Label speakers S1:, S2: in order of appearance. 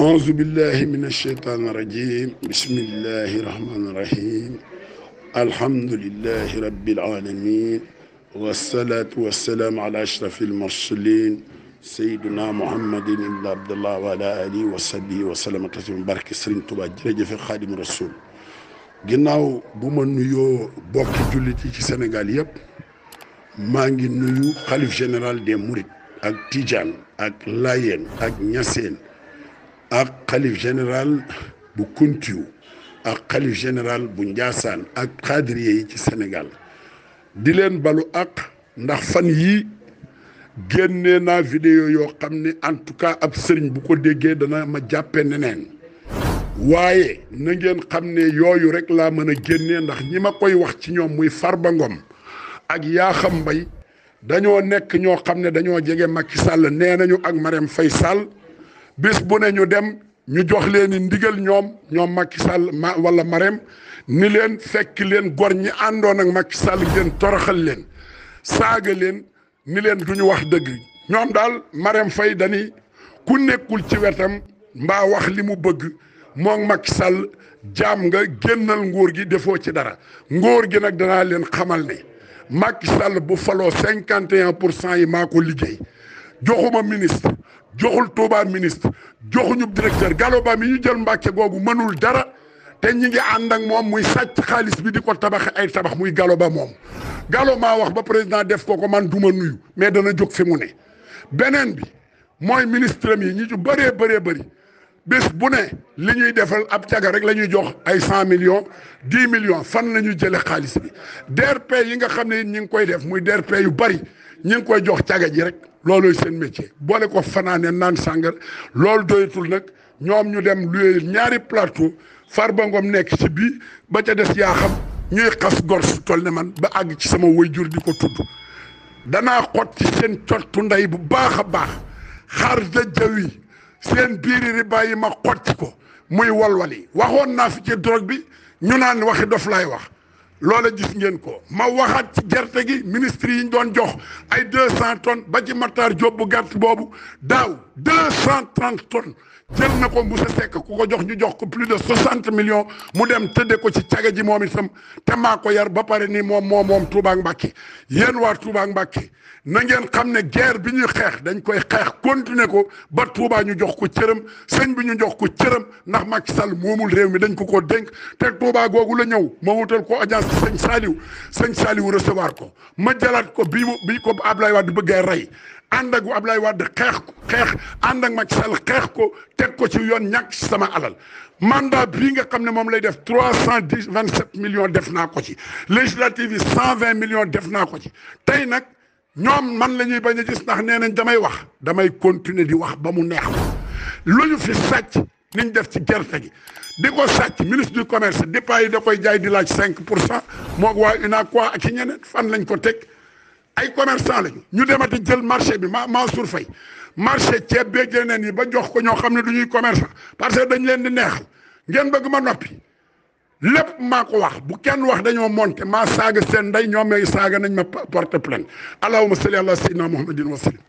S1: أعوذ بالله من الشيطان الرجيم بسم الله الرحمن الرحيم الحمد لله رب العالمين والصلاة والسلام على أشرف المرسلين سيدنا محمد بن عبد الله وعلى آله وصحبه وسلم تسليما بارك سرين توبا في خادم الرسول ginnaaw بوما ma بوك bokki في السنغال ci Sénégal yëpp maa جنرال دي xalif اك تيجان اك ak اك نياسين ak xalif général bu Kuntiyu ak xalif général bu Njaasaan ak xaadiriye yi ci Sénégal di leen balu ak ndax fan yii génne naa vidéo yoo xam ne en tout cas ab sëriñ bu ko déggee dana ma jàppe neneen waaye na ngeen xam ne yooyu rek laa mën a génnee ndax ñi ma koy wax ci ñoom muy Farba Ngom ak yaaxam mbay dañoo nekk ñoo xam ne dañoo jege Macky Sall nee nañu ak Marème fay Sall bis bu ne ñu dem ñu jox leen i ndigal ñoom ñoom Macky Sall ma wala Marème ni leen fekk leen gor ñi àndoon ak Macky Sall ngeen toroxal leen saaga leen ni leen ñu wax dëgg ñoom daal Marème fay dani ku nekkul ci wetam mbaa wax li mu bëgg moo Macky Sall jaam nga génnal nguur gi defoo ci dara ngóor gi nag danaa leen xamal ne Macky Sall bu faloo 51 pour cent yi maa ko liggéey joxuma ministre joxul Touba ministre joxuñu directeur galoba mi ñu jël Mbàkke googu mënul dara té ñi ngi and ak mom muy sacc xaalis bi diko tabax ay tabax muy galoba mom moom. Gallo wax ba président def ko ko man duma nuyu mais dana jóg fi mu ne benen bi moy ministre mi ñi ci bëree bëree bëri bés bu ne li ñuy defal ab tiaga rek lañuy jox ay 100 millions dix millions fan lañu jël jëlee bi DRP yi nga xam ne ñi ngi koy def muy DRP yu bari, ñi ngi koy jox tiaga ji rek. loolooy seen métier boole ko fanaanee naan sàngar loolu doyatul nag ñoom ñu dem luy ñaari plateau Farba Ngom nekk ci bii ba ca des yaa xam ñuy xas gor su toll ne man ba àgg ci sama waajur di ko tudd danaa xot ci seen cottu ndey bu baax a baax xar ja jawi seen biiri riba yi ma xot ko muy walwali waxoon naa fi ci drogue bi ñu naan waxi dof laay wax loola gis ngeen ko ma waxaat ci gerte gi ministre yi ñu doon jox ay deux cent tonnes ba ci Matar Diop bu gerte boobu daaw deux cent trente tonnes jël na ko Moussa Seck ku ko jox ñu jox ko plus de soixante millions mu dem tëdde ko ci caga ji moom itam te maa ko yar ba pare ni moom moom moom Touba ak yéen waa Touba ak na ngeen xam ne guerre bi ñuy xeex dañ koy xeex continuer ko ba Touba ñu jox ko cëram sëñ bi ñu jox ko cëram ndax Macky sal moomul réew mi dañ ko ko dénk te Touba googu la ñëw ma wutal ko audience sëñ Saliou sëñ Saliou recevoir ko ma jalaat ko bi bi ko Ablaye Wade bëggee rey ànd ak waa Ablaye Wade xeex xeex ànd ak ma ci sal xeex ko teg ko ci yoon ñàkk ci sama alal mandat bii nga xam ne moom lay def trois cent dix vingt sept millions def naa ko ci législative yi cent vingt millions def naa ko ci tey nag ñoom man la ñuy bañ a gis ndax nee nañ damay wax damay continuer di wax ba mu neex lu fi sàcc niñ def ci gerte gi di ko sàcc ministre du commerce départ yi da koy jaay di laaj cinq pour cent moog waa UNACOIS ak i ñeneen fan lañ ko teg ay commerçant lañu ñu demati jël marché bi ma Mansour Faye marché ceeb beeg yeneen yi ba jox ko ñoo xam ne du ñuy commerçant parce que dañ leen di neexal ngeen bëgg ma noppi lépp maa ko wax bu kenn wax dañoo monté maa saaga seen ndey ñoom may saaga nañ ma porte plainte allahumma salli ala sayyidina muhammadin wa sallim